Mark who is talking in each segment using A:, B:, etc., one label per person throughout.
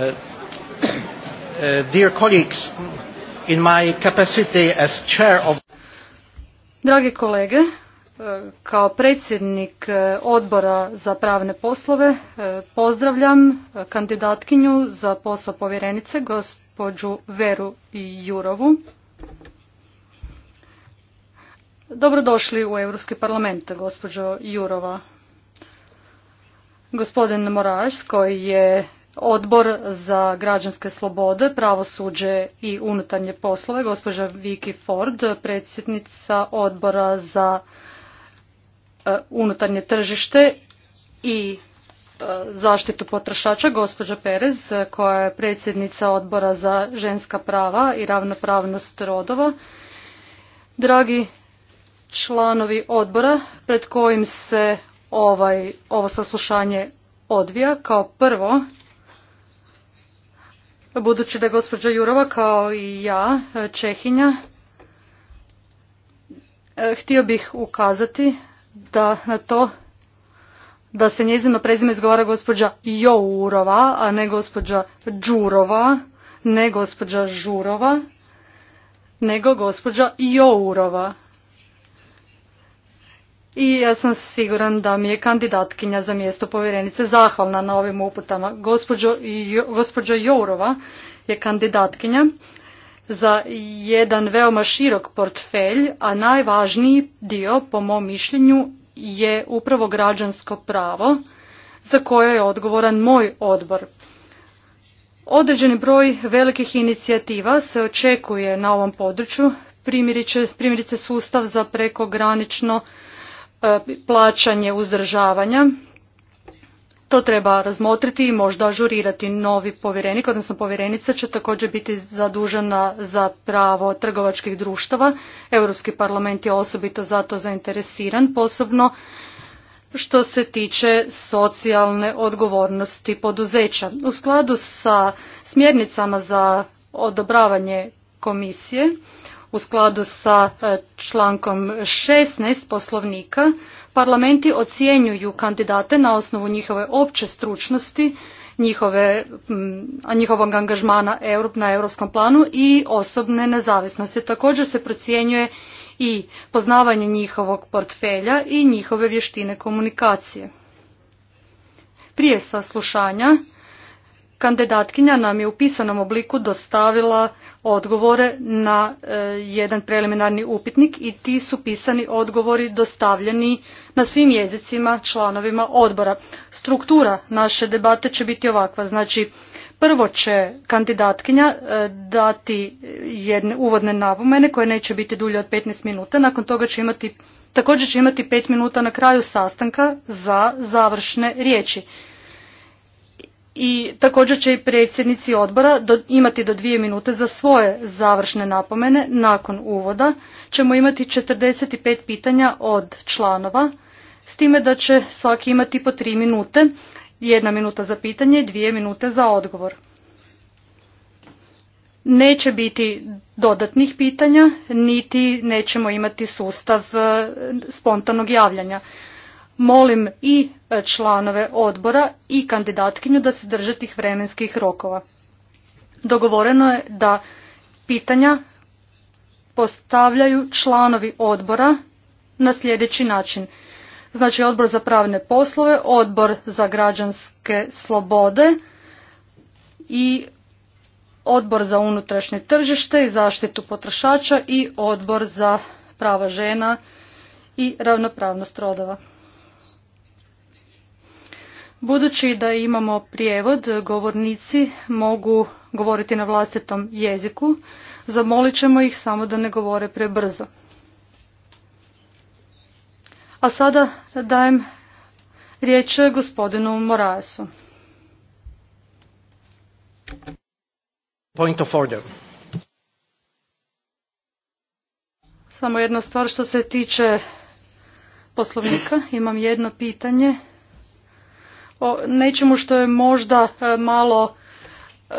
A: Uh, uh, dear Dragi kolege, uh, kao predsjednik odbora za pravne poslove pozdravljam kandidatkinju za posao povjerenice gospođu Veru Jurovu. Dobrodošli u Europski parlament, gospođo Jurova. Gospodin Moraš, koji je Odbor za građanske slobode, pravosuđe i unutarnje poslove, gospođa Vicky Ford, predsjednica odbora za e, unutarnje tržište i e, zaštitu potrošača, gospođa Perez, koja je predsjednica odbora za ženska prava i ravnopravnost rodova. Dragi članovi odbora pred kojim se ovaj, ovo saslušanje odvija, kao prvo Budući da je gospođa Jurova kao i ja, e, Čehinja, e, htio bih ukazati da na to da se njezino prezime izgovara gospođa Jourova, a ne gospođa Đurova, ne gospođa Žurova, nego gospođa Jourova i ja sam siguran da mi je kandidatkinja za mjesto povjerenice zahvalna na ovim uputama. gospođa Jourova je kandidatkinja za jedan veoma širok portfelj, a najvažniji dio, po mom mišljenju, je upravo građansko pravo za koje je odgovoran moj odbor. Određeni broj velikih inicijativa se očekuje na ovom području, primjerice, primjerice sustav za prekogranično E, plaćanje uzdržavanja. To treba razmotriti i možda ažurirati. Novi povjerenik, odnosno povjerenica će također biti zadužena za pravo trgovačkih društava. Europski parlament je osobito zato zainteresiran, posebno što se tiče socijalne odgovornosti poduzeća. U skladu sa smjernicama za odobravanje komisije, u skladu sa e, člankom 16 poslovnika parlamenti ocjenjuju kandidate na osnovu njihove opće stručnosti, njihove, njihovog angažmana na europskom planu i osobne nezavisnosti. Također se procjenjuje i poznavanje njihovog portfelja i njihove vještine komunikacije. Prije saslušanja Kandidatkinja nam je u pisanom obliku dostavila odgovore na e, jedan preliminarni upitnik i ti su pisani odgovori dostavljeni na svim jezicima članovima odbora. Struktura naše debate će biti ovakva, znači prvo će kandidatkinja e, dati jedne uvodne napomene koje neće biti dulje od 15 minuta, nakon toga će imati također će imati pet minuta na kraju sastanka za završne riječi i također će i predsjednici odbora imati do dvije minute za svoje završne napomene. Nakon uvoda ćemo imati 45 pitanja od članova, s time da će svaki imati po tri minute, jedna minuta za pitanje i dvije minute za odgovor. Neće biti dodatnih pitanja, niti nećemo imati sustav e, spontanog javljanja. Molim i e, članove odbora i kandidatkinju da se drže tih vremenskih rokova. Dogovoreno je da pitanja postavljaju članovi odbora na sljedeći način. Znači odbor za pravne poslove, odbor za građanske slobode i odbor za unutrašnje tržište i zaštitu potrošača i odbor za prava žena i ravnopravnost rodova. Budući da imamo prijevod, govornici mogu govoriti na vlastitom jeziku, zamolit ćemo ih samo da ne govore prebrzo. A sada dajem riječ gospodinu Moraesu. Point of order. Samo jedna stvar što se tiče poslovnika. Imam jedno pitanje o nečemu što je možda e, malo e,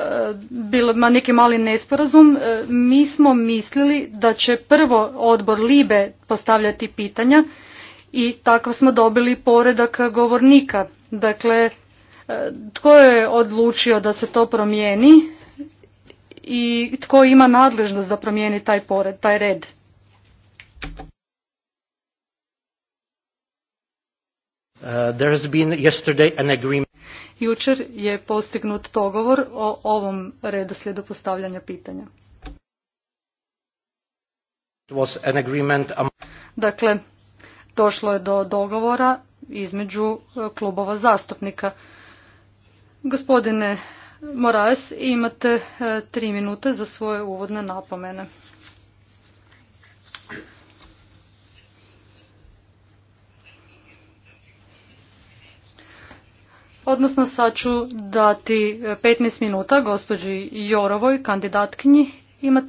A: bilo ma neki mali nesporazum, e, mi smo mislili da će prvo odbor Libe postavljati pitanja i tako smo dobili poredak govornika. Dakle, tko je odlučio da se to promijeni i tko ima nadležnost da promijeni taj pored, taj red. Uh, there has been yesterday an agreement Jučer je postignut dogovor o ovom redoslijedu postavljanja pitanja. Dakle, došlo je do dogovora između uh, klubova zastupnika. Gospodine Moraes, imate uh, tri minute za svoje uvodne napomene. odnosno sad ću dati 15 minuta gospođi Jorovoj, kandidatkinji. Imate